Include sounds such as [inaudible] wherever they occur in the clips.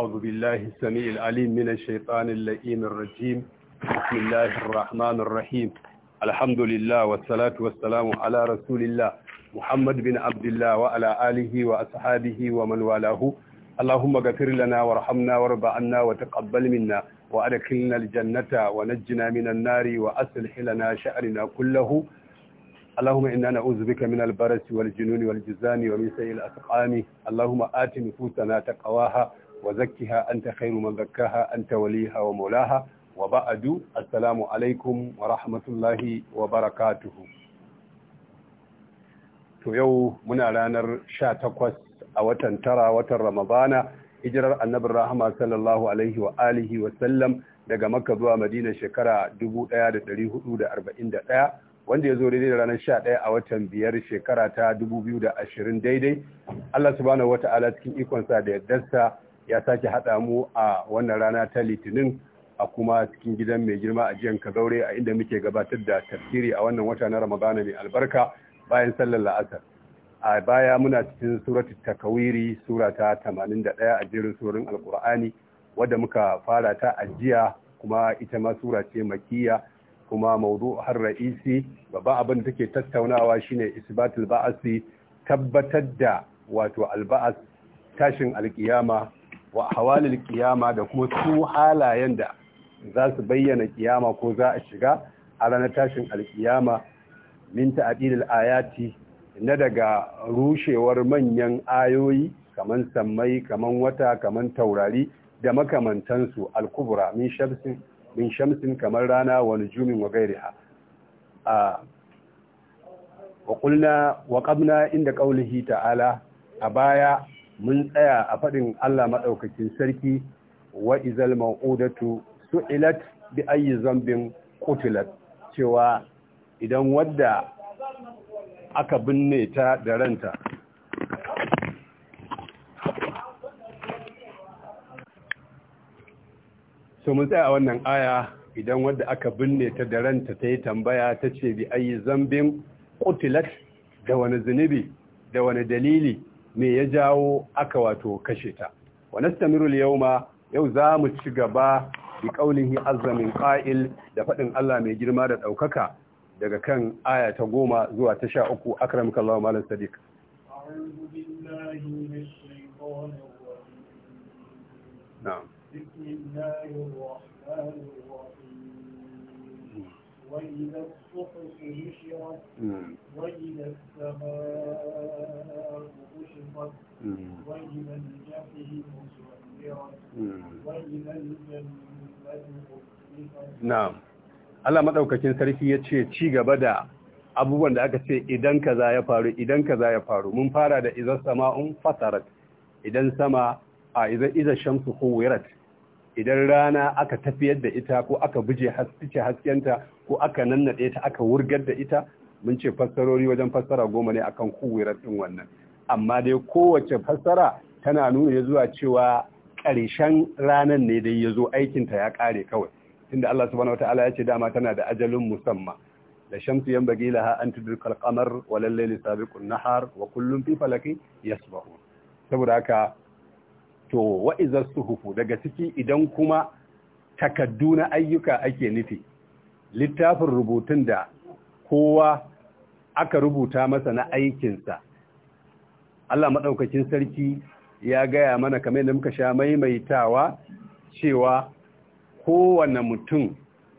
أعوذ بالله السميع العليم من الشيطان اللئيم الرجيم بسم الله الرحمن الرحيم الحمد لله والصلاة والسلام على رسول الله محمد بن عبد الله وعلى آله وأصحابه ومن والاه اللهم اغفر لنا وارحمنا وارض عنا وتقبل منا وأدخلنا الجنة ونجنا من النار وأصلح لنا شأننا كله اللهم إنا نعوذ بك من البرس والجنون والجزان ومن سيء الأسقام اللهم آت نفوسنا تقواها وزكها أنت خير من زكاها أنت وليها ومولاها وبعد السلام عليكم ورحمة الله وبركاته to yau muna ranar 18 a watan tara watan ramadana hijirar Annabi rahama sallallahu alaihi wa alihi wa daga makka zuwa madina shekara 1441 wanda ya zo daidai da ranar 11 a watan biyar shekara ta 2020 daidai Allah subhanahu Ta'ala cikin ikonsa da yaddarsa ya sake haɗa mu a wannan rana ta litinin a kuma cikin gidan mai girma a jiyan kazaure a inda muke gabatar da tafsiri a wannan wata na ramadana mai albarka bayan sallar la'asar a baya muna cikin suratu takawiri sura ta 81 a jerin surorin alkur'ani wadda muka fara ta a kuma ita ma sura ce makiya kuma maudu har ra'isi babban abin da take tattaunawa shine isbatul ba'asi tabbatar da wato alba'as tashin alkiyama wa hawalil kiyama da kuma su halayen da za su bayyana kiyama ko za a shiga a ranar tashin alkiyama min ta'dilil ayati na daga rushewar manyan ayoyi kaman sammai kaman wata kaman taurari da makamantansu alkubra min shamsin min shamsin kamar rana wa nujumin wa gairiha a wa qulna wa qabna inda qawlihi ta'ala a baya mun tsaya a faɗin Allah maɗaukacin sarki wa izal ma'udatu su'ilat bi ayyi zambin kutilat cewa idan wadda aka binne ta da ranta so mun tsaya a wannan aya idan wadda aka binne ta da ranta ta yi tambaya ta ce bi ayyi zambin ƙutulat da wani zunubi da wani dalili me ya jawo aka wato kashe ta wa nastamiru al yau za mu ci gaba bi qaulihi azza min qa'il da faɗin Allah mai girma da ɗaukaka daga kan aya ta goma zuwa ta sha uku akramakallahu malam sadiq na'am وإذا الصحف نشرت وإذا السماء كشفت وإذا الجحيم سعرت وإذا الجنة نعم Allah madaukakin sarki ya ce ci gaba da abubuwan da aka ce idan kaza ya faru idan kaza ya faru mun fara da idan sama'un fatarat idan sama a idan idan shamsu huwirat idan rana aka tafiyar da ita ko aka buje haske haskenta ko aka nannade ta aka wurgar da ita mun ce fassarori wajen fassara goma ne akan kuwirar ɗin wannan amma dai kowace fassara tana nuna ya zuwa cewa ƙarshen ranar ne dai ya zo aikinta ya ƙare kawai Tunda Allah subhanahu wataala ya ce dama tana da ajalin musamma. da shamsu yan bagi laha an tudrika qamar wa lal sabiqun nahar wa kullun fi falakin yasbahun saboda haka to wa'izar suhufu daga ciki idan kuma takaddu na ayyuka ake nufi littafin rubutun da kowa aka rubuta masa na aikinsa Allah maɗaukakin sarki ya gaya mana kamar da muka sha maimaitawa cewa kowane mutum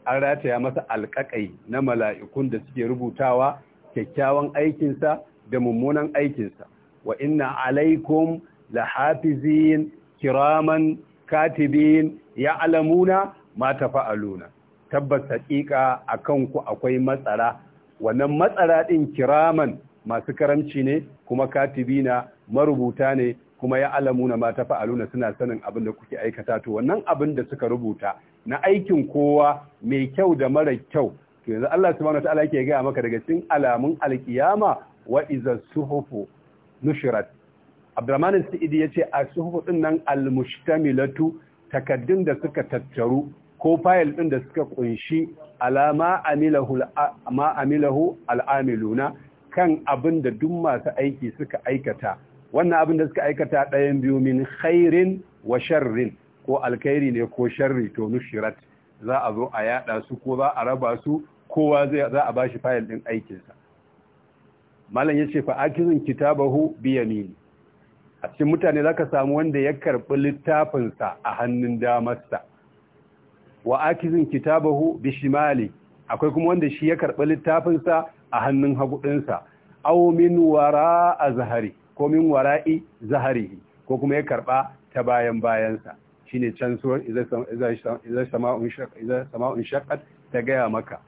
an rataya masa alƙaƙai na mala'ikun da suke rubutawa kyakkyawan aikinsa da mummunan aikinsa wa inna alaikum la hafizin kiraman katibin ya alamuna ma tafa'aluna tabbas haƙiƙa kan ku akwai matsara wannan matsara ɗin kiraman masu karamci ne kuma katibina marubuta ne kuma ya alamuna ma suna sanin abin da kuke aikata to wannan abin da suka rubuta na aikin kowa mai kyau da mara kyau to yanzu Allah subhanahu wataala ke gaya maka daga cikin alamun alkiyama wa iza suhufu nushirat abdurrahman sa'idi ya ce a suhufu ɗin nan almustamilatu takaddun da suka tattaru ko fayil ɗin da suka ƙunshi alama amilahu al'amiluna kan abin da duk masu aiki suka aikata wannan abin da suka aikata ɗayan biyu min khairin wa sharrin ko alkhairi ne ko sharri to nushirat za a zo a yaɗa su ko za a raba su kowa za a ba shi fayil ɗin aikinsa malam ya ce fa'akizin kitabahu biyamini a cikin mutane zaka samu wanda ya karɓi littafinsa a hannun damarsa wa akizin kitabahu bishimali akwai kuma wanda shi ya karɓi littafinsa a hannun hagu Au aw min wara a zahari ko min wara'i zahari ko kuma ya karɓa ta bayan bayansa shine can suwar idan sama'un shaqqat ta gaya maka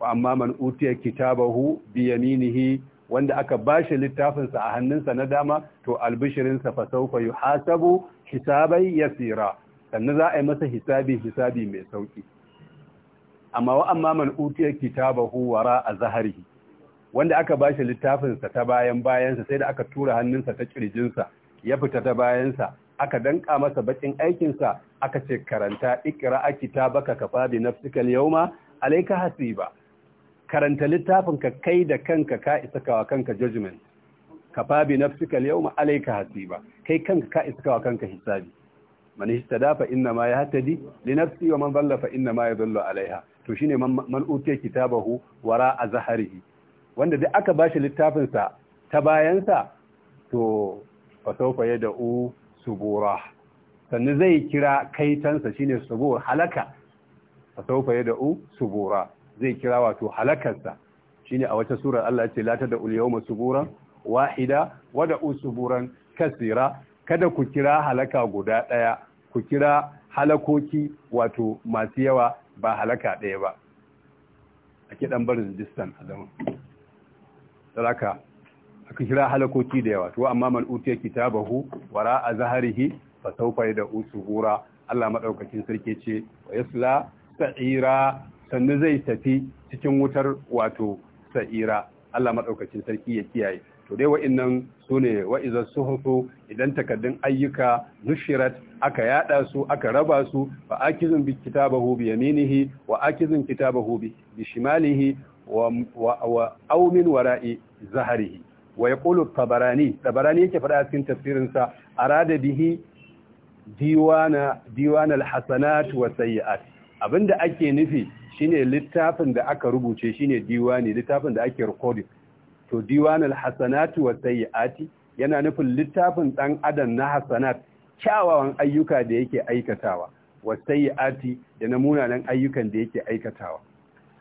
wa amma man utiya kitabahu bi yaminihi wanda aka ba bashi littafinsa a hannunsa na dama to albishirinsa fa sawfa yuhasabu hisabai yasira sannan za a yi masa hisabi hisabi mai sauki amma wa amma man utiya kitabahu wara a zahari wanda aka bashi littafinsa ta bayan bayansa sai da aka tura hannunsa ta kirjinsa ya fita ta bayansa aka danka masa bakin aikinsa aka ce karanta ikra kitabaka kafa bi nafsika al-yawma alayka hasiba karanta littafinka kai da kanka ka isa kawa kanka judgment ka fabi nafsika yawma alayka hasiba kai kanka ka isa kawa kanka hisabi man ihtada dafa inna ma yahtadi li nafsi wa man dhalla fa inna ya yadhillu alaiha to shi ne man utiya kitabahu wara a azharihi wanda duk aka bashi littafin sa ta to a to fa sawfa yad'u subura Sannu zai kira kaitansa shi shine subur halaka fa sawfa yad'u subura zai kira wato halakarsa ne a wata surar Allah ya ce lata da al masu buran wahida wada usu buran kasira kada ku kira halaka guda ɗaya, ku kira halakoki wato masu yawa ba halaka ɗaya ba a kidan barin distan adamu saraka aka kira halakoki da yawa to amma man utiya kitabahu wara a zaharihi fa da usu subura Allah madaukakin sarki ce wa yasla sa'ira sannu zai tafi cikin wutar wato sa'ira Allah maɗaukacin sarki ya kiyaye to dai wa'innan su ne wa'izar suhufu idan takaddun ayyuka nushirat aka yada su aka raba su wa akizun bi kitabahu bi yaminihi wa akizun kitabahu bi shimalihi wa wa aumin wara'i zaharihi wa ƙulu tabarani tabarani yake faɗa cikin tafsirinsa sa arada bihi diwana hasanat wa sayyi'at Abin da ake nufi shine littafin da aka rubuce shine diwani littafin da ake recording to diwanul hasanatu wa sayyiati yana nufin littafin dan adam na hasanat kyawawan ayyuka da yake aikatawa wa sayyiati da na munanan ayyukan da yake aikatawa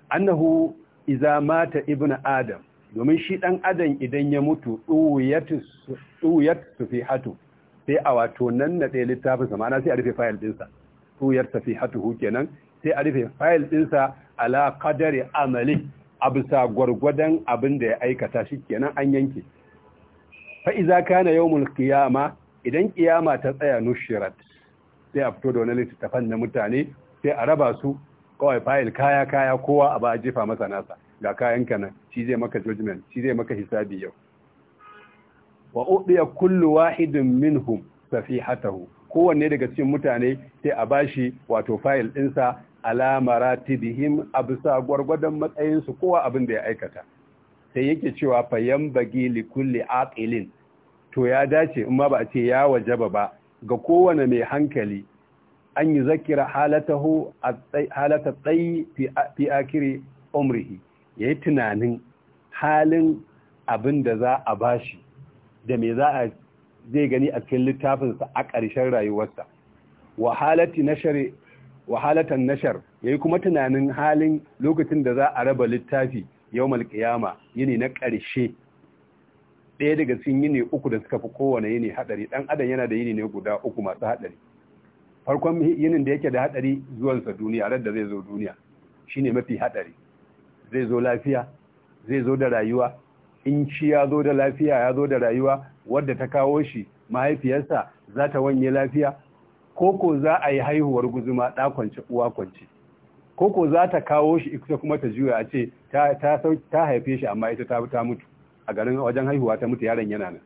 annahu iza mata ibnu adam domin shi dan adam idan ya mutu ɗuyat sufihatu sai a wato nan na ɗaya littafinsa. ma'ana sai a rufe fayil ɗinsa ɗuyat safihatu kenan sai a rufe fayil ɗinsa ala qadari amali a bisa gwargwadon abin da ya aikata shi kenan an yanke Fa'iza kana yawmul kiyama idan kiyama ta tsaya nushirat sai a fito da wani littattafan na mutane sai a raba su kawai fayil kaya kaya kowa a ba a jefa masa nasa ga kayan ka nan shi zai maka judgment shi zai maka hisabi yau wa udiya kullu wahidin minhum safihatahu kowanne daga cikin mutane sai a bashi wato fayil ɗinsa ala maratibihim a bisa gwargwadon matsayinsu kowa abin da ya aikata sai yake cewa fayan bagi li kulli aqilin to ya dace in ma ba a ce ya wajaba ba ga kowane mai hankali an yi zakira halatahu halata tsayi fi akiri umrihi ya yi tunanin halin abin da za a bashi da me za a zai gani a cikin littafinsa a ƙarshen rayuwarsa wa halati shari wahalatan nashar ya yi kuma tunanin halin lokacin da za a raba littafi yawmal qiyama yini na ƙarshe ɗaya daga cikin yini uku da suka fi kowane yini haɗari. Ɗan adam yana da yini ne guda uku masu haɗari. farkon yinin da yake da haɗari zuwansa duniya rar da zai zo duniya shi ne mafi haɗari. zai zo lafiya zai zo da rayuwa in shi ya zo da lafiya ya zo da rayuwa wadda ta kawo shi mahaifiyarsa za ta wanye lafiya koko za a yi haihuwar guzuma ɗakwance uwa kwance koko za ta kawo shi ita kuma ta juya a ce ta haife shi amma ita ta mutu a garin wajen haihuwa ta mutu yaron yana nan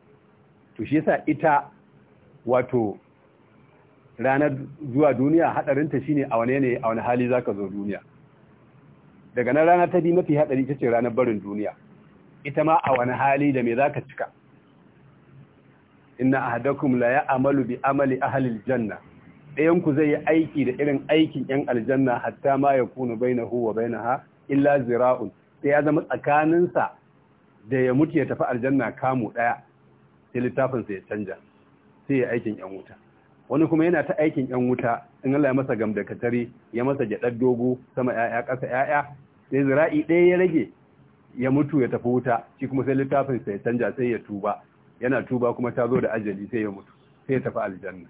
to shi yasa ita wato ranar zuwa duniya hadarinta shine a wane ne a wani hali za ka zo duniya daga nan rana ta bi mafi hadari ita ce ranar barin duniya ita ma a wani hali da me za ka cika inna ahadakum la ya'malu bi amali ahli aljanna Ɗayanku zai yi aiki da irin aikin yan aljanna hatta ma ya kunu bai wa ha illa zira'un sai ya zama tsakaninsa da ya mutu ya tafi aljanna kamu ɗaya sai littafin ya canja sai ya aikin yan wuta wani kuma yana ta aikin yan wuta in Allah ya masa gamdakatari ya masa gyaɗar dogo sama ƴaƴa ƙasa ƴaƴa sai zira'i ɗaya ya rage ya mutu ya tafi wuta shi kuma sai littafin ya canja sai ya tuba yana tuba kuma ta zo da ajali sai ya mutu sai ya tafi aljanna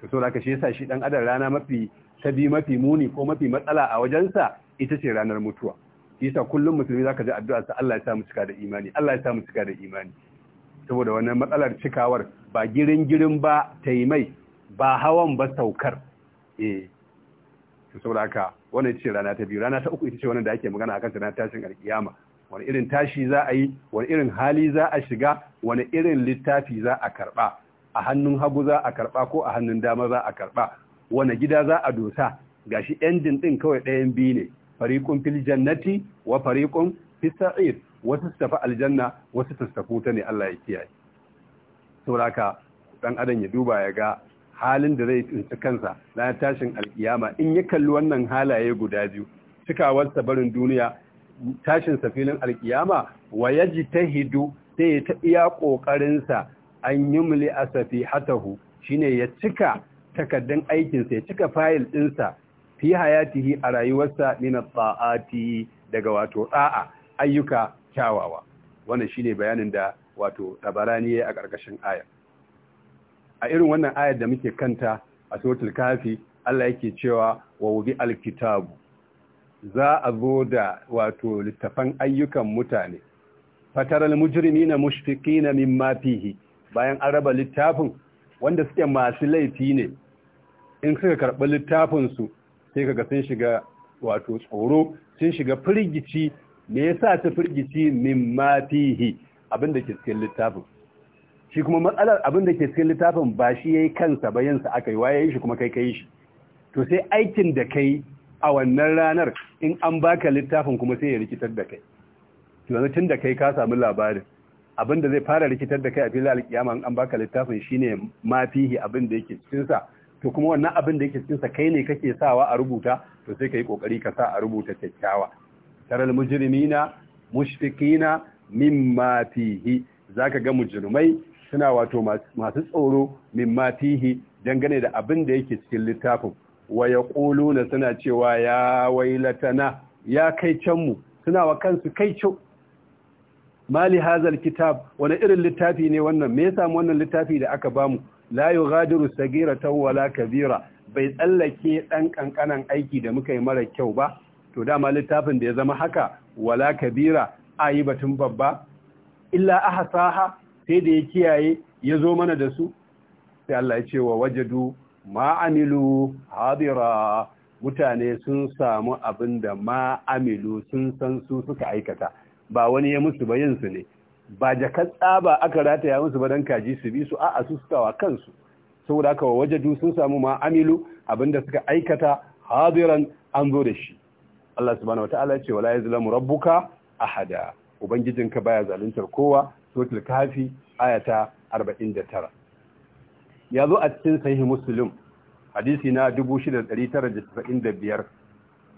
to so haka shi yasa shi dan adam rana mafi tabi mafi muni ko mafi matsala a wajensa ita ce ranar mutuwa yasa kullum musulmi zaka ji addu'a sa Allah ya sa mu cika da imani Allah ya sa mu cika da imani saboda wannan matsalar cikawar ba girin girin ba taimai ba hawan ba saukar eh to saboda haka wannan ce rana ta biyu rana ta uku ita ce wannan da ake magana akan ta na tashin alkiyama wani irin tashi za a yi wani irin hali za a shiga wani irin littafi za a karba a hannun hagu za a karba ko a hannun dama za a karba wani gida za a dosa gashi endin din kawai ɗayan biyu ne fariqun fil jannati wa fariqun fis wasu su tafi aljanna wasu su tafi ta ne Allah ya kiyaye saboda dan adam ya duba ya ga halin da zai tsinci kansa na tashin alkiyama in ya kalli wannan halaye guda biyu cikawar barin duniya tashin safilin alkiyama wa ta Hidu sai ya ta iya ƙoƙarinsa. an yi yumli asafi hatahu shine ya cika takardun aikinsa ya cika fayil ɗinsa fi hayatihi a rayuwarsa nina tsa'ati daga wato ɗa'a ayyuka kyawawa wannan shine bayanin da wato tabarani a ƙarƙashin aya a irin wannan ayar da muke kanta a sotul kafi Allah yake cewa wa wubi alkitabu za a zo da wato littafan ayyukan mutane fataral mujrimina mushfiqina mimma fihi bayan an raba littafin wanda suke masu laifi ne in suka karɓi littafinsu sai kaga sun shiga wato tsoro sun shiga firgici me yasa ta firgici min ma fihi abin ke cikin littafin shi kuma matsalar abinda da ke cikin littafin ba shi yayi kansa ba yansa aka yi waye shi kuma kai kai shi to sai aikin da kai a wannan ranar in an baka littafin kuma sai ya rikitar da kai yanzu tun da kai ka samu labarin abin da zai fara rikitar da kai a filin alkiyama an baka littafin shine matihi fihi abin da yake cikin sa to kuma wannan abin da yake cikin sa kai ne kake sawa a rubuta to sai ka yi kokari ka sa a rubuta kyakkyawa taral mujrimina mushfiqina mimma fihi zaka ga mujrimai suna wato masu tsoro mimma fihi dangane da abin da yake cikin littafin wa yaquluna suna cewa ya wailatana ya kai can mu suna wa kansu kai cewa mali hazal kitab wani irin littafi ne wannan me yasa wannan littafi da aka bamu la yughadiru sagiratan wala kabira bai tsallake dan kankanan aiki da muka yi mara kyau ba to dama littafin da ya zama haka wala kabira ayi batun babba illa ahsaha sai da ya kiyaye ya zo mana da su sai Allah ya ce wa wajadu ma amilu hadira mutane sun samu abin da ma amilu sun san su suka aikata ba wani ya musu bayin su ne ba jakar tsaba aka rataya musu ba dan kaji su bi su a su sukawa kansu saboda haka du sun samu ma amilu abinda suka aikata hadiran an zo da shi Allah subhanahu wataala ya ce wala yazlamu rabbuka ahada ubangijinka baya zaluntar kowa suratul kafi ayata 49 ya zo a cikin sahih muslim hadisi na 6995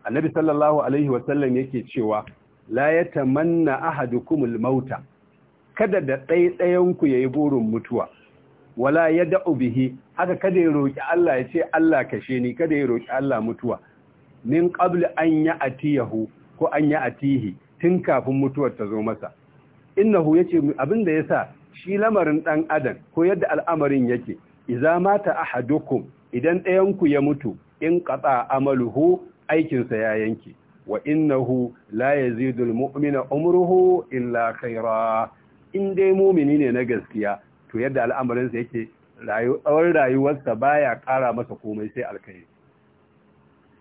annabi sallallahu alaihi wasallam yake cewa la ya tamanna ahadukumul mauta kada da ɗaiɗayanku ya yi burin mutuwa wala ya da'u bihi haka kada ya roƙi Allah ya ce Allah kashe ni kada ya roƙi Allah mutuwa min anyi an ya'tiyahu ko an ya'tihi tun kafin mutuwar ta zo masa innahu yace abin da yasa shi lamarin ɗan adam ko yadda al'amarin yake idza mata ahadukum idan ɗayanku ya mutu in qata amaluhu aikinsa ya yanke wa innahu la yazidu almu'mina umruhu illa khaira in dai mu'mini ne na gaskiya to yadda al'amarin sa yake rayuwar rayuwarsa baya ƙara masa komai sai alkhairi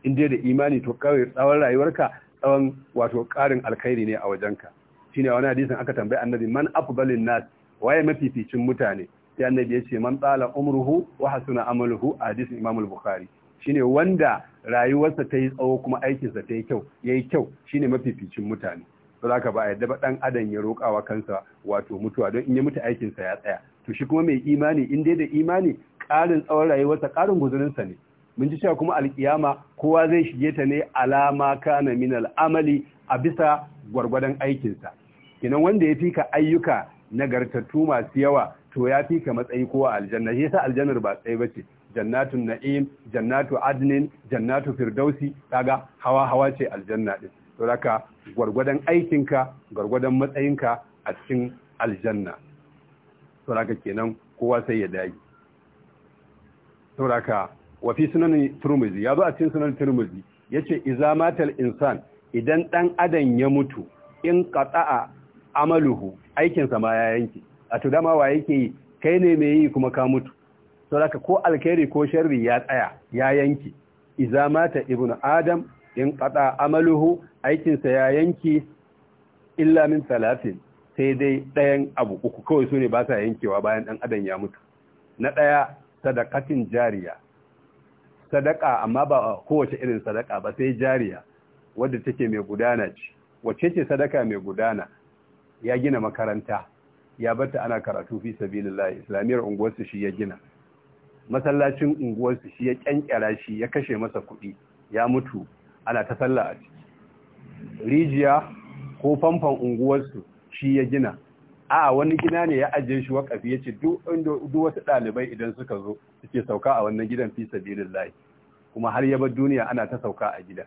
in dai da imani to kawai tsawon rayuwarka tsawon wato ƙarin alkhairi ne a wajenka shine wani hadisin aka tambayi annabi man afdalin nas waye mafificin mutane sai annabi ya ce man tsala umruhu wa hasuna amaluhu a hadisin imamul al-bukhari shine wanda rayuwarsa ta yi tsawo kuma aikinsa ta yi kyau ya yi kyau shine mafificin mutane to za ka ba a yadda ba ɗan adam ya roƙawa kansa wato mutuwa don in ya mutu aikinsa ya tsaya to shi kuma mai imani in dai da imani ƙarin tsawon rayuwarsa ƙarin guzurinsa ne mun ji cewa kuma alƙiyama kowa zai shige ta ne alama kana min al'amali a bisa gwargwadon aikinsa Idan wanda ya fika ayyuka nagartattu masu yawa to ya fika matsayi kowa aljanna shi yasa aljannar ba ba ce. jannatun na'im jannatu adnin jannatu firdausi kaga hawa hawa ce aljanna din to haka gwargwadon aikinka gwargwadon matsayinka a cikin aljanna to haka kenan kowa sai ya dai to haka wa fi sunan turmuzi yazo a cikin sunan turmuzi yace idza matal insan idan dan adam ya mutu in qata'a amaluhu aikinsa ma ya yanke a to dama wa yake yi kai ne mai yi kuma ka mutu saboda ko alkhairi ko sharri ya tsaya ya yanki idza mata ibnu adam in qada amaluhu aikin sa ya yanki illa min salatin sai dai ɗayan abu uku kawai sune ne ba sa yankewa bayan ɗan adam ya mutu na ɗaya sadaqatin jariya sadaka amma ba kowace irin sadaka ba sai jariya wadda take mai gudana ce wacce ce sadaka mai gudana ya gina makaranta ya bata ana karatu fi sabilillah islamiyar unguwarsu shi ya gina masallacin unguwarsu shi ya kyankyara shi ya kashe masa kuɗi ya mutu ana ta sallah a ciki rijiya ko famfon unguwarsu shi ya gina a wani gina ne ya ajiye shi wakafi ya ce duk wasu ɗalibai idan suka zo suke sauka a wannan gidan fi sabilillahi kuma har ya bar duniya ana ta sauka a gida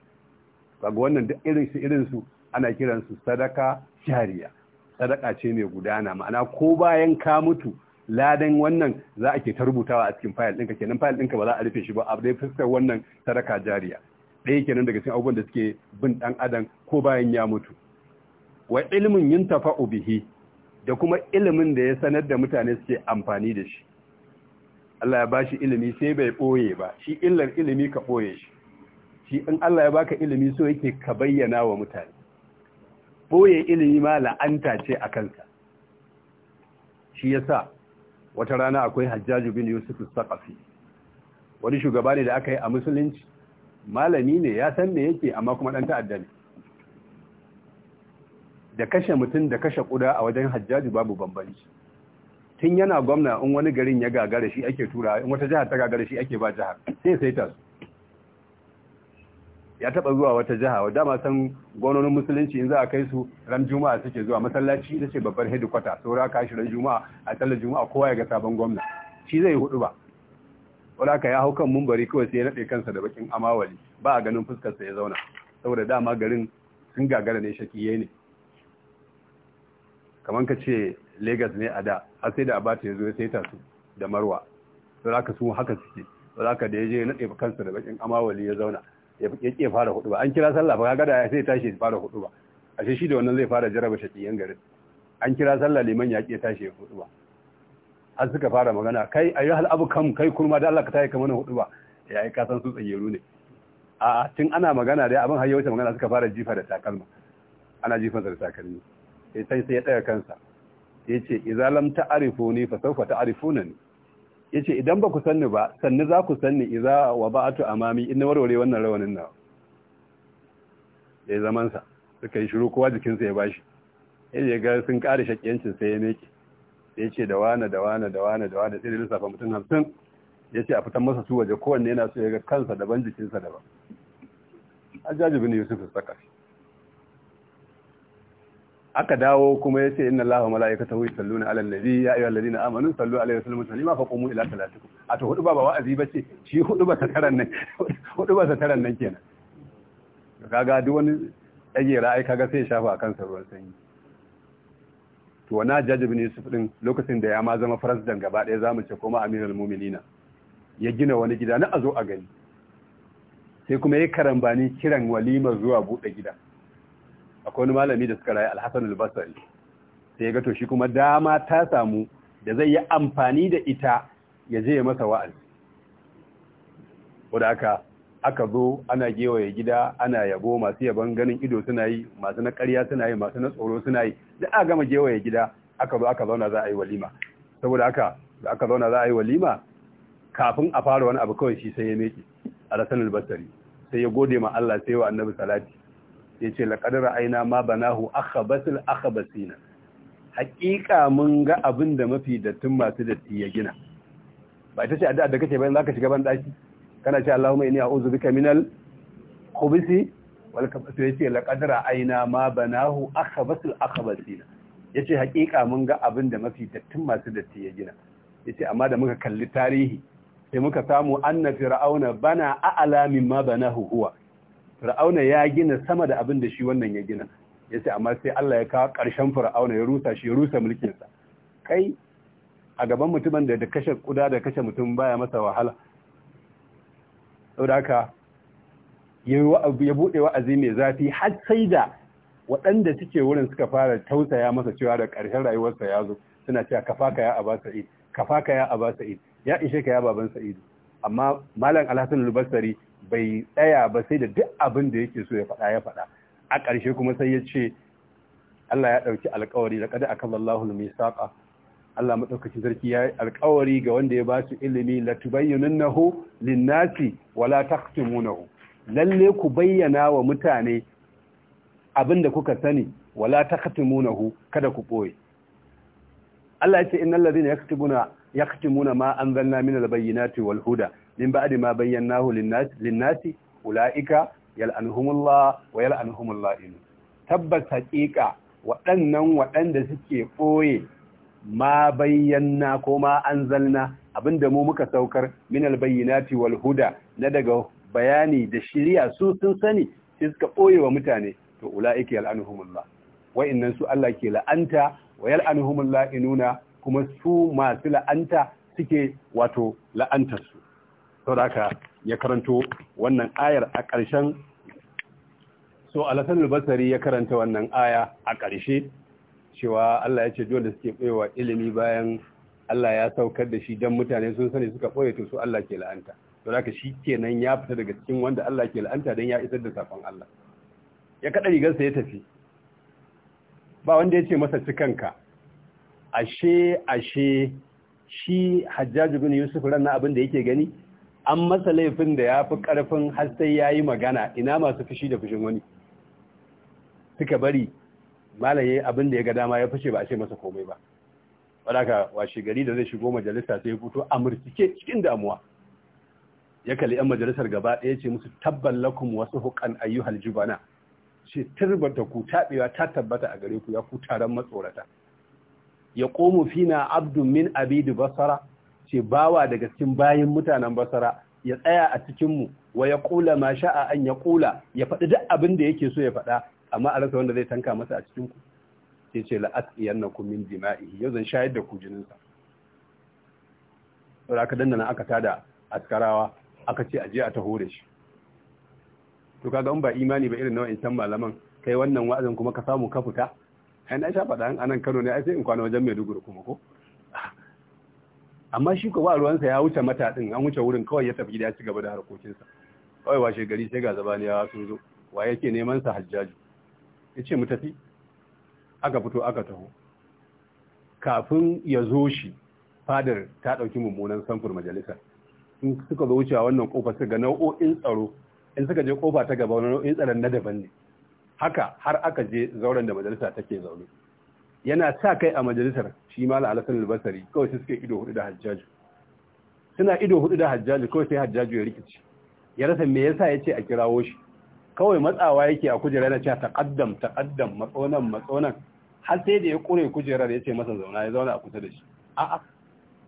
kaga wannan duk irin su ana kiransu sadaka shariya sadaka ce mai gudana ma'ana ko bayan ka mutu ladan wannan za a ke ta rubutawa a cikin fayil ɗinka kenan fayil ɗinka ba za a rufe shi ba a dai fuskar wannan sadaka jariya ɗaya kenan daga cikin abubuwan da suke bin ɗan adam ko bayan ya mutu wa ilimin yin tafa'u bihi da kuma ilimin da ya sanar da mutane suke amfani da shi Allah ya bashi ilimi sai bai ɓoye ba shi illar ilimi ka ɓoye shi shi in Allah ya baka ilimi so yake ka bayyana wa mutane ɓoye ilimi ma la'anta ce a kanka shi yasa wata rana akwai hajjaju bin yusuf saqafi wani shugaba ne da aka yi a musulunci malami ne ya san me yake amma kuma dan ta'adda ne da kashe mutum da kashe kuda a wajen hajjaju babu bambanci tun yana gwamna in wani garin ya gagara shi ake turawa, in wata jihar ta gagara shi ake ba jihar sai sai ta ya taba zuwa wata jiha wa dama san gwanonin musulunci in za a kai su ran juma'a suke zuwa masallaci ita ce babbar headquarter saura ra kashi ran juma'a a tsallar juma'a kowa ya ga sabon gwamna shi zai hudu ba wala ka ya hau kan mumbari kawai sai ya naɗe kansa da bakin amawali ba a ganin fuskarsa ya zauna saboda dama garin sun gagara ne shaki yayi ne kamar ka ce Legas ne a da har sai da abata ya zo ya saita su da marwa saboda ka su haka suke saboda ka da ya je ya naɗe kansa da bakin amawali ya zauna ya ke fara hudu ba an kira sallah ba kaga da sai tashi fara hudu ba ashe shi da wannan zai fara jaraba yan garin an kira sallah liman ya ke tashi hudu ba har suka fara magana kai yi abu kam kai kurma da Allah ka tayi kamar hudu ba ya ka san su tsayeru ne a tun ana magana dai abin hayyauta magana suka fara jifa da takalma ana jifansa da takalmi sai sai ya tsaya kansa yace idza lam ta'rifu ni fa sawfa ta'rifuna yace idan ba ku sanni ba sanni za ku sanni iza wa ba'atu amami in warware wannan rawanin na yayi zaman zamansa suka yi shiru kowa jikinsa ya bashi yaje ga sun kare shakiyancin sai ya meke sai yace da wane da wane da wane da wane sai lissafa mutum ya yace a fitan masa su waje kowanne yana so ya ga kansa daban jikinsa daban ajaji bin yusuf sakafi aka dawo kuma ya ce inna mala'ika mala'ikatahu yusalluna ala nabi ya ayyuhal ladina amanu sallu 'alaihi wa sallimu taslima fa qumu ila salatikum a to hudu ba ba wa'azi bace shi hudu ba sataran nan hudu ba sataran nan kenan kaga duk wani tsage ra'ayi kaga sai ya shafa a kansa ruwan sanyi to wana bin yusuf din lokacin da ya ma zama president gaba ɗaya zamu ce kuma aminul mu'minina ya gina wani gida na a zo a gani sai kuma ya karambani kiran walimar zuwa buɗe gida akwai wani malami da suka rayu alhassan albasari sai ga to shi kuma dama ta samu da zai yi amfani da ita ya je ya masa wa'azi wadda aka aka zo ana gewaye gida ana yabo masu yaban ganin ido suna yi masu na ƙarya suna yi masu na tsoro suna yi da aka gama gewaye gida aka zo aka zauna za a yi walima saboda aka da aka zauna za a yi walima kafin a fara wani abu kawai shi sai ya meke a rasan basari sai ya gode ma Allah sai wa annabi salati yace laqad aina ma banahu akhabasil akhabasina Hakika mun ga abin da mafi dattin masu datti ya gina ba ita ce addu'a da kake bayan zaka shiga ban daki kana ce Allahumma inni a'udhu bika minal khubuthi wal khabasi yace laqad aina ma banahu akhabasil akhabasina yace hakika mun ga abin da mafi dattin masu datti ya gina yace amma da muka kalli tarihi sai muka samu anna fir'auna bana a'ala mimma banahu huwa fir'auna ya gina sama da abin da shi wannan ya gina Ya ce amma sai Allah ya kawo ƙarshen fir'auna ya rusa shi ya rusa mulkin kai a gaban mutumin da da kashe kuda da kashe mutum baya masa wahala saboda ya buɗe wa'azi mai zafi har sai da waɗanda suke wurin suka fara tausaya masa cewa da ƙarshen rayuwarsa ya zo suna cewa kafaka ya aba sa'id kafaka ya aba sa'id ya ishe ka ya baban sa'id amma malam alhassan albasari bai tsaya ba sai da duk abin da yake so ya faɗa ya faɗa a ƙarshe kuma sai ya ce Allah ya ɗauki alƙawari da kada akan Allahul misaqa Allah madaukakin sarki ya yi alƙawari ga wanda ya ba su ilimi la tubayyinunahu hu linnati wa munahu lalle ku bayyana wa mutane abin da kuka sani wa la munahu kada ku ɓoye Allah ya ce innal ladina yaktubuna yaktumuna ma anzalna minal bayyinati wal huda min ba'di ma bayyanahu lin-nasi ulaika yal'anhumullah wa yal'anhumul la'in tabbas haqiqa waɗannan waɗanda suke ɓoye ma bayyana ko ma anzalna abinda mu muka saukar min albayyinati wal huda na daga bayani da shiriya su sun sani sai suka ɓoye wa mutane to ula'ika yal'anhumullah wa'annan su Allah ke la'anta wa yal'anhumul la'inuna kuma su masu la'anta suke wato la'antarsu saboda ya karanto wannan ayar a ƙarshen so alasan albasari ya karanta wannan aya a ƙarshe cewa Allah ya ce dole suke ɓewa ilimi bayan Allah ya saukar da shi don mutane sun sani suka ɓoye to su Allah ke la'anta to haka shi kenan ya fita daga cikin wanda Allah ke la'anta don ya isar da safon Allah ya kaɗa rigarsa ya tafi ba wanda ya ce masa cikanka ashe ashe shi hajjaji bin yusuf ranar abin da yake gani an masa laifin da ya fi ƙarfin har sai ya yi magana ina masu fushi da fushin wani suka bari malaye abin da ya ga dama ya fashe ba a ce masa komai ba wadaka washe gari da zai shigo majalisa sai ya fito a murtike cikin damuwa ya kalli 'yan majalisar gaba ɗaya ce musu tabban lakum wasu hukan ayyuhal jubana ce turbata ku taɓewa ta tabbata a gare ku ya ku taron matsorata ya ƙomo fina abdu min abidu basara ce bawa daga cikin bayin mutanen basara ya tsaya a cikinmu wa ya kula ma sha'a an ya kula ya faɗi duk abin da yake so ya faɗa amma a rasa wanda zai tanka masa a cikinku ya ce la'asiyan na kumin jima'i yau zan shayar da ku sa saboda aka dandana aka tada askarawa aka ce aje a taho da shi to kaga in ba imani ba irin nau'in can malaman kai wannan wa'azin kuma ka samu ka fita ai na sha faɗa anan Kano ne ai sai in kwana wajen Maiduguri kuma ko amma shi ko ba ruwansa ya wuce mata din an wuce wurin kawai ya tafi gida ya ci gaba da harkokinsa kawai washe gari sai ga zabaniya sun zo wa yake neman sa Hajjaji? yace ce mu tafi aka fito aka taho kafin ya zo shi fadar ta ɗauki mummunan samfur majalisa. in suka zo wucewa wannan kofa suka ga nau'o'in tsaro in suka je kofa ta gaba nau'o'in tsaron na daban ne haka har aka je zauren da majalisa take zaune yana sa kai a majalisar shi mala alasan albasari kawai sai suke ido hudu da hajjaju suna ido hudu da hajjaju kawai sai hajjaju ya rikici ya rasa me yasa yace a kirawo shi kawai matsawa yake a kujera na cewa taqaddam taqaddam matsonan matsonan har sai da ya kure kujerar yace masa zauna ya zauna a kusa da shi a'a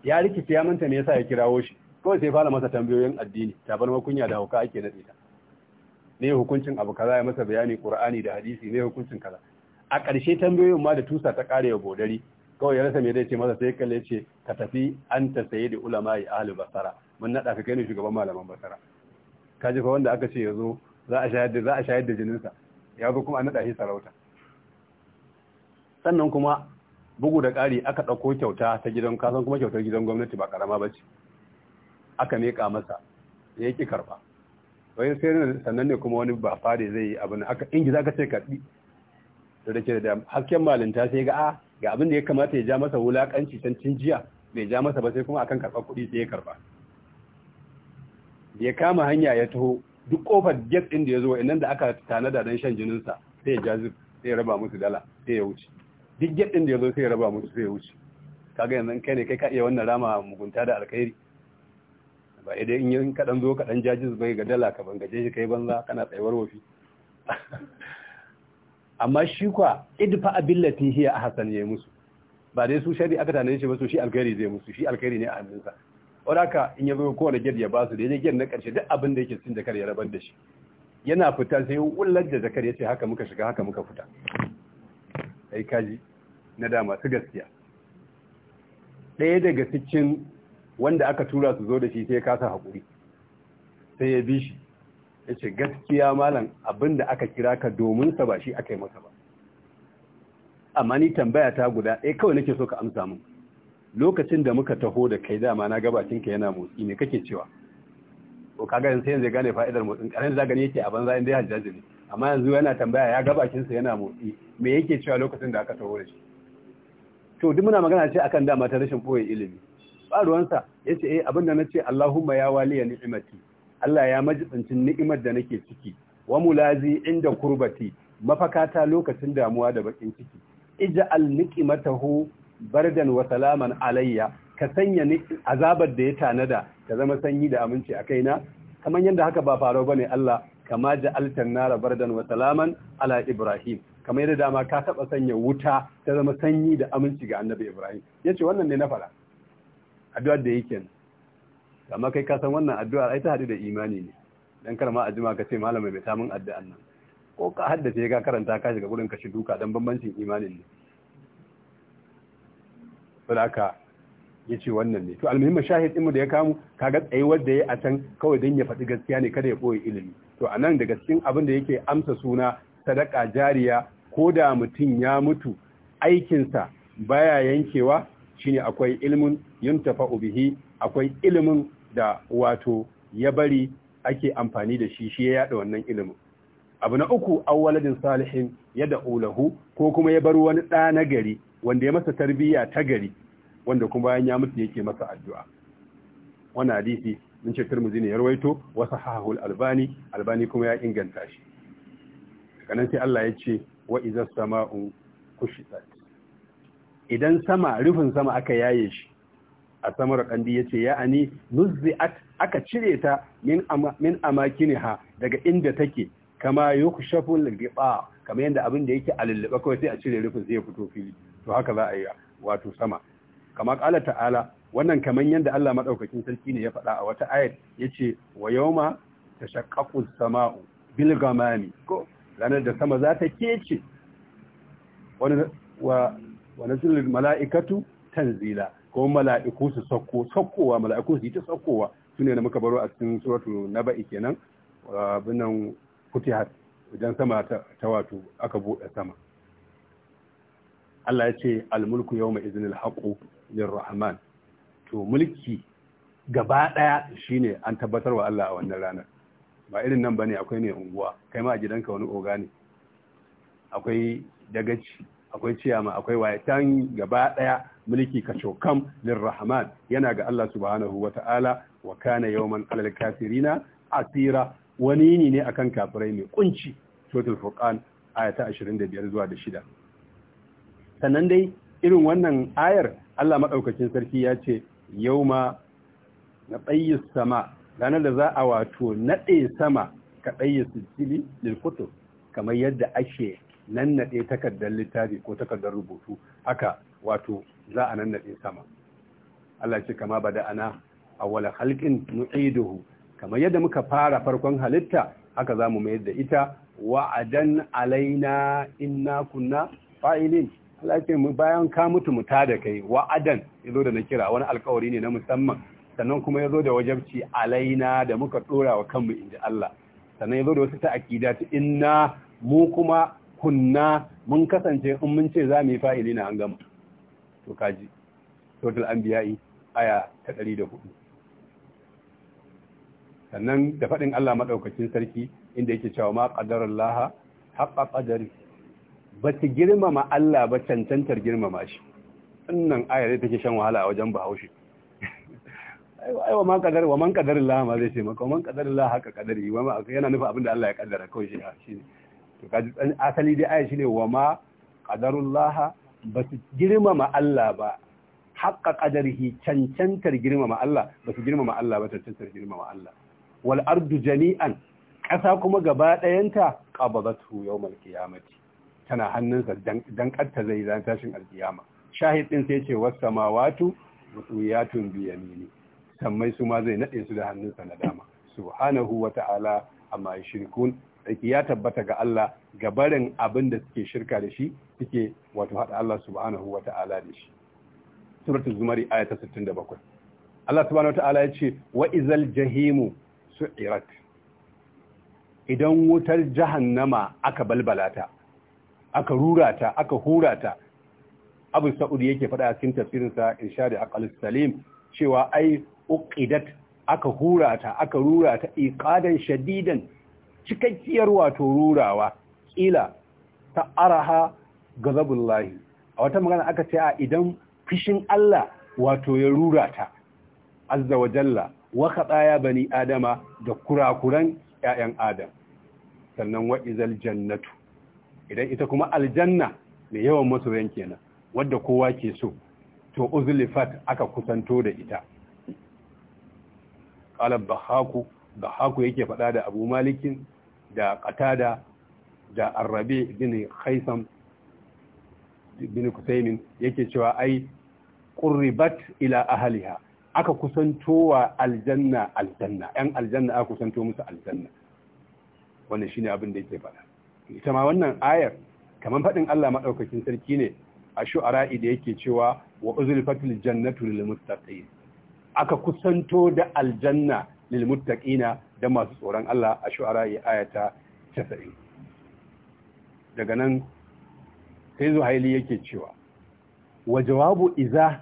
ya rikice ya manta me yasa ya kirawo shi kawai sai fara masa tambayoyin addini tabarma kunya da hauka ake nade ta ne hukuncin abu kaza ya masa bayani qur'ani da hadisi ne hukuncin kaza a ƙarshe tambayoyin ma da tusa ta ƙare wa bodari kawai ya rasa mai zai ce masa sai kalle ce ka tafi an ta saye da ulama ya ahli basara mun naɗa ka kai ne shugaban malaman basara ka ji fa wanda aka ce ya zo za a shayar da za a jininsa ya zo kuma an naɗa shi sarauta sannan kuma bugu da ƙari aka ɗauko kyauta ta gidan kasan kuma kyautar gidan gwamnati ba ƙarama ba ce aka meka masa ya ƙi karɓa wani sai sannan ne kuma wani ba fare zai yi abin aka za ka ce karɓi da ke da hasken malinta sai ga a ah, ga abin da ya kamata ya ja masa wulakanci can cin jiya bai ja masa ba sai kuma akan karɓar kuɗi sai ya karɓa ya kama hanya ya taho duk kofar gate ɗin da ya zo inda da aka da dan shan jininsa sai ya zip sai ya raba musu dala sai ya wuce duk gate ɗin da ya zo sai ya raba musu sai ya wuce kaga yanzu kai ne kai ka iya wannan rama mugunta da alkhairi ba idan in yin kaɗan zo kaɗan jajiz bai ga dala ka bangaje shi kai banza kana tsayuwar wofi. [laughs] amma shi kwa idfa abillati hiya ahsan yayi musu ba dai su shari aka tana shi ba su shi alkhairi zai musu shi alkhairi ne a hannunsa wadaka in yazo kowane gid ya basu da yaje gid na karshe duk abin da yake cikin zakar ya rabar da shi yana fita sai ullar da zakar yace haka muka shiga haka muka fita Ai kaji na da masu gaskiya Daya daga cikin wanda aka tura su zo da shi sai ya kasa hakuri sai ya bi shi ya ce gaskiya malam abinda aka kira ka domin sa ba shi aka yi maka ba amma ni tambaya ta guda eh kawai nake so ka amsa min lokacin da muka taho da kai dama na gabacin ka yana motsi ne kake cewa ko kaga yanzu yanzu gane fa'idar motsin karan da gani yake a banza inda hajjaji ne amma yanzu yana tambaya ya gabacin sa yana motsi me yake cewa lokacin da aka taho da shi to duk muna magana ce akan dama ta rashin koyon ilimi ba ruwansa yace eh abinda nace Allahumma ya waliya ni'imati Allah ya majibincin ni'imar da nake ciki wa mulazi inda kurbati mafakata lokacin damuwa da bakin ciki ij'al niqimatahu bardan wa salaman alayya ka sanya azabar da ya tanada ta zama sanyi da aminci a kaina kamar yadda haka ba faro bane Allah kama ja'altan nara bardan wa salaman ala ibrahim kamar yadda dama ka taba sanya wuta ta zama sanyi da aminci ga annabi ibrahim yace wannan ne na fara addu'ar da yake amma kai ka san wannan addu'a ai ta hadu da imani ne dan karma ajima ka ce malama bai ta addu'an nan ko ka haddace ka karanta ka shiga gurin ka duka dan bambancin imanin ne saboda ya ce wannan ne to almuhimmin shahid mu da ya kamu kaga tsaye wanda ya a can kawai dan ya faɗi gaskiya ne kada ya koyi ilimi to anan daga cikin abin da yake amsa suna sadaka jariya ko da mutum ya mutu aikinsa baya yankewa shine akwai ilimin yuntafa bihi akwai ilimin da wato ya bari ake amfani da shi shi ya yada wannan ilimin abu na uku awwaladin salihin ya da ulahu ko kuma ya bar wani ɗa na gari wanda ya masa tarbiyya ta gari wanda kuma bayan ya mutu yake masa addu'a wannan hadisi mun ce Tirmidhi ne ya rawaito wa sahahu albani Albani kuma ya inganta shi kanan sai Allah ya ce wa idza sama'u kushitat idan sama rufin sama aka yaye shi a samar kandi ya ce ya'ani nuzzi'at aka cire ta min amakiniha daga inda take kama yukshafu shafin riba kama yadda abin da yake a lullube kawai sai a cire rufin sai ya fito fili to haka za a yi wato sama kama kala ta'ala wannan kamar yadda Allah maɗaukakin sarki ne ya faɗa a wata ayat ce, wa yawma ta as-sama'u bil ko ranar da sama za ta kece wani wa wa mala'ikatu tanzila Ko mala'iku su sakko sakkowa mala'iku su yi ta sakkowa sune da muka baro a cikin suratu na ba'i kenan binan futihat idan sama ta wato aka buɗe sama Allah ya ce almulku yawma iznil haqu lirrahman to mulki gaba daya shine an tabbatarwa Allah a wannan ranar ba irin nan ba ne akwai ne unguwa kai ma a gidanka wani oga ne akwai dagaci akwai ciyama akwai wayatan gaba daya mulki lir lirrahman yana ga Allah subhanahu wata'ala wa kana yawman alal kafirina asira wani ne ne akan kafirai mai kunci total furqan ayata 25 zuwa da 6 sannan dai irin wannan ayar Allah madaukakin sarki ya ce yawma na tsayyis sama ranar da za a wato naɗe sama ka tsayyis sili kutub kamar yadda ake nannaɗe takardar littafi ko takardar rubutu haka wato za a nannaɗe sama Allah ce kama bada ana wala halƙin nu'iduhu kamar yadda muka fara farkon halitta haka za mu mayar da ita wa'adan alaina inna kunna fa'ilin Allah ce mu bayan ka mutu mu ta da kai wa'adan yazo da na kira wani alƙawari ne na musamman sannan kuma yazo da wajabci alaina da muka dora wa kanmu inda Allah sannan yazo da wasu ta'akida ta inna mu kuma kunna mun kasance in mun ce za mu yi fa'ili na an gama to kaji total anbiya'i aya ta 104 sannan da faɗin Allah madaukakin sarki inda yake cewa ma qadarallaha haqqa qadari bata girmama Allah ba cancantar girmama shi wannan ayar da take shan wahala a wajen Bahaushe [laughs] aiwa man kadar wa man kadarin ma zai ce maka man kadarin Allah haka kadari wa ma yana nufin abinda Allah ya kaddara kawai shi ne asali da aya ne wa ma qadarullah ba su girmama Allah ba haqqa qadarihi cancantar girmama Allah ba su girmama Allah ba cancantar girmama Allah wal ardu jami'an ƙasa kuma gaba ɗayanta qabadatu yawmal qiyamati tana hannunsa dan katta zai zan tashin alkiyama shahid ɗin sai ce wasu samawatu ru'yatun bi yamini sammai su ma zai naɗe su da hannunsa na dama subhanahu wa ta'ala amma shirkun tsaki ya tabbata ga Allah ga barin abin da suke shirka da shi suke wato hada Allah subhanahu wa ta'ala da shi suratul zumari aya ta 67 Allah subhanahu wa ta'ala ya ce wa izal jahimu su'irat idan wutar jahannama aka balbalata aka rurata aka hurata abu Sa'ud yake faɗa a cikin tafsirinsa inshadi aqal salim cewa ai uqidat aka hurata aka rurata iqadan shadidan cikakkiyar wato rurawa ƙila ta araha gazabullahi a wata magana aka ce a idan fishin Allah wato ya rura ta azza wa jalla wa bani adama da kurakuran 'ya'yan adam sannan wa jannatu idan ita kuma aljanna mai yawan masoyan kenan wadda kowa ke so to uzlifat aka kusanto da ita qala bahaku bahaku yake faɗa da abu malikin da qatada da arrabi bin khaisam bin kusaimin yake cewa ai qurribat ila ahliha aka kusantowa aljanna aljanna yan aljanna aka kusanto musu aljanna wannan shine abin da yake faɗa ita ma wannan ayar kamar faɗin Allah madaukakin sarki ne a shu'ara'i da yake cewa wa uzlifatil jannatu lil muttaqin aka kusanto da aljanna lilmuttaqina da masu tsoron Allah a shu'ara ya ayata 90 daga nan sai zuhaili yake cewa wa jawabu iza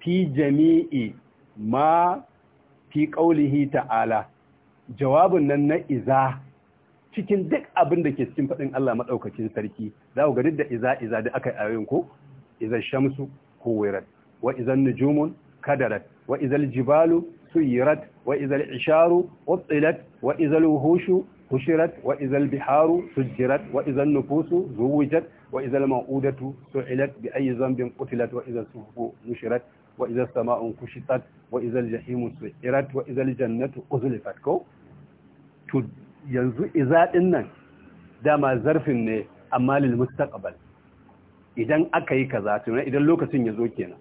fi jami'i ma fi qaulihi ta'ala jawabun nan na iza cikin duk abin da ke cikin faɗin Allah maɗaukacin sarki za ku ga duk da iza iza da aka ayoyin ko iza shamsu kuwirat wa izan nujumun kadarat wa jibalu سيرت وإذا العشار أبطلت وإذا الوهوش هشرت وإذا البحار سجرت وإذا النفوس زوجت وإذا الموءودة سئلت بأي ذنب قتلت وإذا الصحف نشرت وإذا السماء انكشطت وإذا الجحيم سئرت وإذا الجنة أزلفت كو ينزو إذا إنن dama zarfin ne amma lil mustaqbal idan aka yi kaza tunan idan lokacin ya zo kenan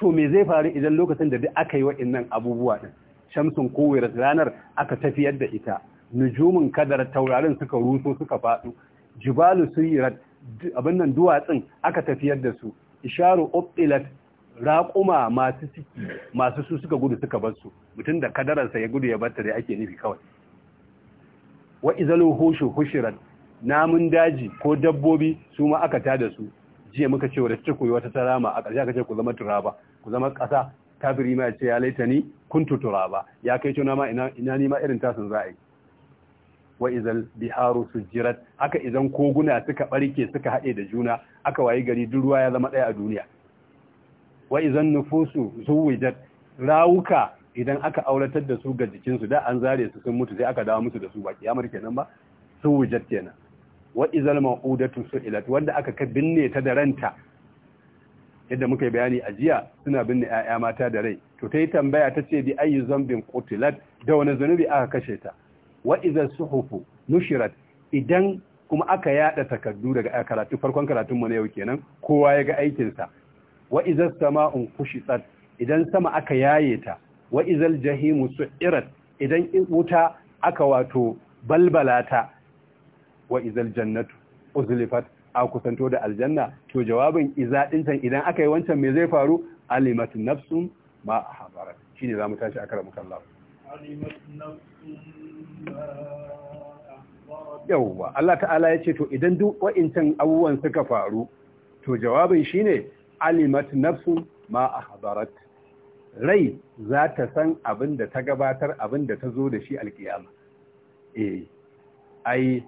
to me zai faru idan lokacin da aka yi wa'annan abubuwa din shamsun kowayar ranar aka tafiyar da ita nujumin kadar taurarin suka ruso suka faɗo jibalu suyirat abin nan duwatsun aka tafiyar da su isharu uqilat raƙuma masu ciki masu su suka gudu suka bar su mutum da kadararsa ya gudu ya bar da ake nufi kawai wa izalu hushu hushirat namun daji ko dabbobi su ma aka tada su jiya muka ce wadda ku yi wata tarama a ƙarshe aka ce ku zama turaba ku zama ƙasa kafiri ma ce ya laita ni kuntu turaba ya kai cewa ma ina ni ma irin tasin za'a yi wa izal biharu sujirat haka idan koguna suka barke suka hade da juna aka wayi gari duk ruwa ya zama ɗaya a duniya wa izan nufusu zuwijat rawuka idan aka auratar da su ga jikinsu da an zare su sun mutu sai aka dawo musu da su ba kiyamar kenan ba wujat kenan wa izal ma'udatu su'ilat wanda aka ka binne ta da ranta yadda muka yi bayani a jiya suna binne 'ya'ya mata da rai to ta yi tambaya ta ce bi ayyu zambin qutilat da wani zunubi aka kashe ta wa suhufu nushirat idan kuma aka yada takardu daga karatu farkon karatun mu na yau kenan kowa ya ga aikin sa wa idza sama'un kushitat idan sama aka yaye ta wa jahimu su'irat idan wuta aka wato balbalata wa izal jannatu uzlifat a kusanto da aljanna to jawabin iza dintan idan aka yi wancan me zai faru alimat nafsun ma ahbara shine zamu tashi akara muka Allah nafsun yawwa Allah ta'ala ya ce to idan duk wa'incan abubuwan suka faru to jawabin shine alimat nafsun ma ahbarat rai za ta san abin da ta gabatar abin da ta zo da shi alkiyama eh ai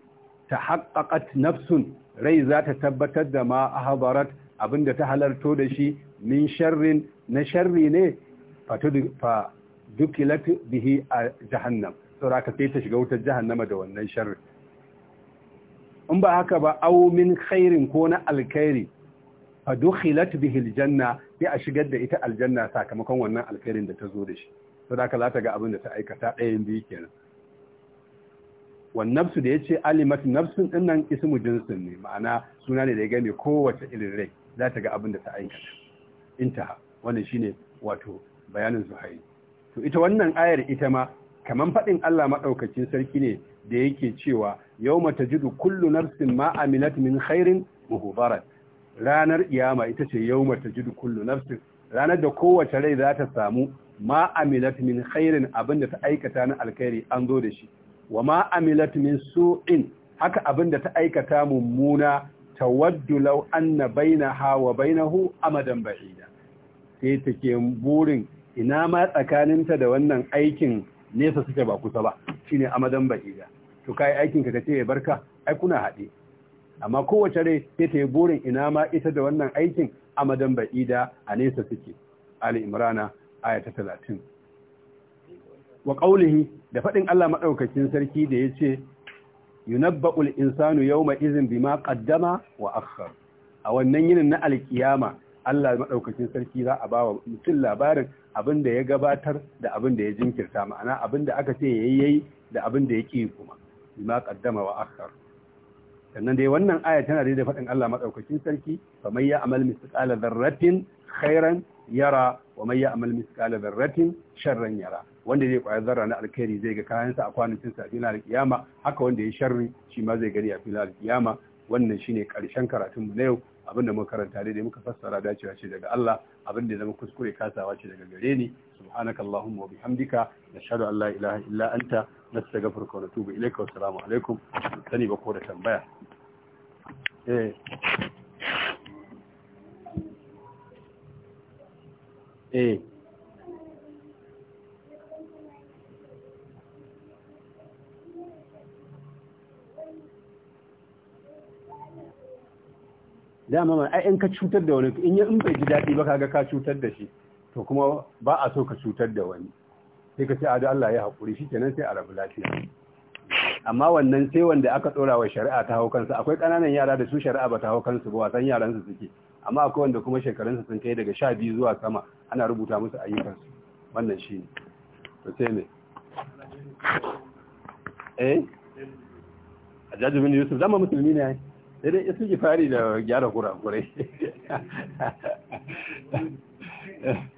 tahaqqaqat nafsun rai za ta tabbatar da ma ahbarat abinda ta halarto da shi min sharrin na sharri ne fa dukilat bihi a jahannam saboda ka sai ta shiga wutar jahannama da wannan sharrin in ba haka ba aw min khairin ko na alkhairi fa dukhilat bihi aljanna sai a shigar da ita aljanna sakamakon wannan alkhairin da ta zo da shi saboda ka za ta ga abin da ta aikata ɗayan biyu kenan wan nafsu da yace alimat nafsun nan ismu jinsin ne ma'ana suna ne da ya game kowace irin rai za ta ga abin da ta aikata intaha wannan shine wato bayanin zuhairi to ita wannan ayar ita ma kaman fadin Allah maɗaukacin sarki ne da yake cewa yawma tajidu kullu nafsin ma amilat min khairin muhbarat ranar iyama ita ce yawma tajidu kullu nafsin ranar da kowace rai za ta samu ma amilat min khairin abinda ta aikata na alkhairi an zo da shi wa ma amilat min su'in haka abin da ta aikata mummuna tawaddu law anna bainaha wa bainahu amadan ba'ida sai take burin ina ma tsakaninta da wannan aikin nesa suke ba kusa ba shine amadan ba'ida to kai aikin ka kace barka ai kuna haɗe amma kowace rai sai ta yi burin ina ma ita da wannan aikin amadan ba'ida a nesa suke ali imrana aya ta 30 wa qawlihi da faɗin Allah maɗaukacin sarki da yace yunabba'ul insanu yawma idhin bima ƙaddama wa akhar a wannan yinin na alkiyama Allah maɗaukacin sarki za a bawa mutum labarin abin da ya gabatar da abin da ya jinkirta ma'ana abin da aka ce yayi da abin da yake kuma bima ƙaddama wa akhar sannan dai wannan aya tana da faɗin Allah maɗaukacin sarki fa ya amal misqala zarrafin khairan yara wa mai ya amal miskala zarratin sharran yara wanda zai kwaya zarra na alkhairi zai ga kayansa a kwanakin sa filin alkiyama haka wanda ya sharri shi ma zai gani a filin alkiyama wannan shine karshen karatun mu na yau Abin da muka karanta daidai muka fassara dacewa ce daga Allah Abin abinda zama kuskure kasawa ce daga gare ni allahumma wa bihamdika nashhadu an la ilaha illa anta nastaghfiruka wa natubu ilayka wa assalamu alaikum sani ba ko da tambaya eh eh dama ma ai in ka cutar da wani in in bai ji daɗi ba kaga ka cutar da shi to kuma ba a so ka cutar da wani sai ka ce a Allah ya haƙuri shi kenan sai a rabu lafiya amma wannan sai wanda aka tsorawa shari'a ta hau akwai ƙananan yara da su shari'a ba ta hau kansu ba wasan yaransu suke amma akwai wanda kuma shekarunsa sun kai daga sha biyu zuwa sama ana rubuta musu ayyukansu wannan shi ne to sai ne eh a bin yusuf zama musulmi ne ya dai suke fari da gyara kurakurai [laughs]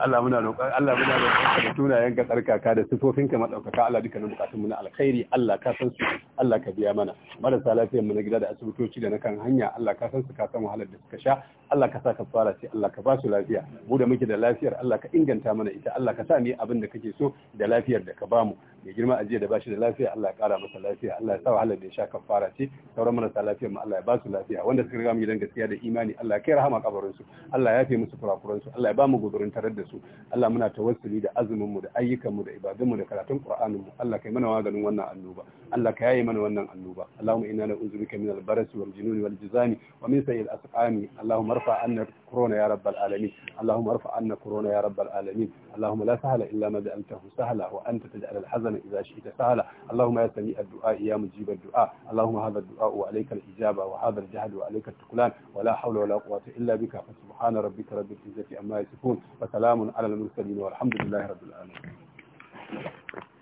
Allah muna roƙon Allah muna roƙon ka tsarkaka da sifofinka ka madaukaka Allah na bukatun mu na alkhairi Allah ka san su Allah ka biya mana marasa lafiyar mu na gida da asibitoci da na kan hanya Allah ka san su ka san wahalar da suka sha Allah ka sa ka fara sai Allah ka ba su lafiya mu da muke da lafiyar Allah ka inganta mana ita Allah ka sa ni abin da kake so da lafiyar da ka bamu mai girma ajiya da bashi da lafiya Allah ya kara masa lafiya Allah ya sa wahalar da ya sha ka fara ce sauran marasa lafiyar mu Allah ya ba su lafiya wanda suka riga mu gidan gaskiya da imani Allah ya kai rahama kabarin su Allah ya yafe musu kurakuran su Allah ya ba mu gudurin tare da su Allah muna tawassuli da azumin mu da ayyukan mu da ibadun mu da karatun Qur'anin mu Allah kai mana maganin wannan annoba Allah ka yaye mana wannan annoba Allahumma inna na'udhu bika min al barasi wal jununi wal jizami wa min sayyi'il asqami Allahumma arfa anna كورونا يا رب العالمين اللهم ارفع عنا كورونا يا رب العالمين اللهم لا سهل إلا ما جعلته سهلا وأنت تجعل الحزن إذا شئت سهلا اللهم يا سميع الدعاء يا مجيب الدعاء اللهم هذا الدعاء وعليك الإجابة وهذا الجهد وعليك التكلان ولا حول ولا قوة إلا بك فسبحان ربك رب العزة عما يصفون وسلام على المرسلين والحمد لله رب العالمين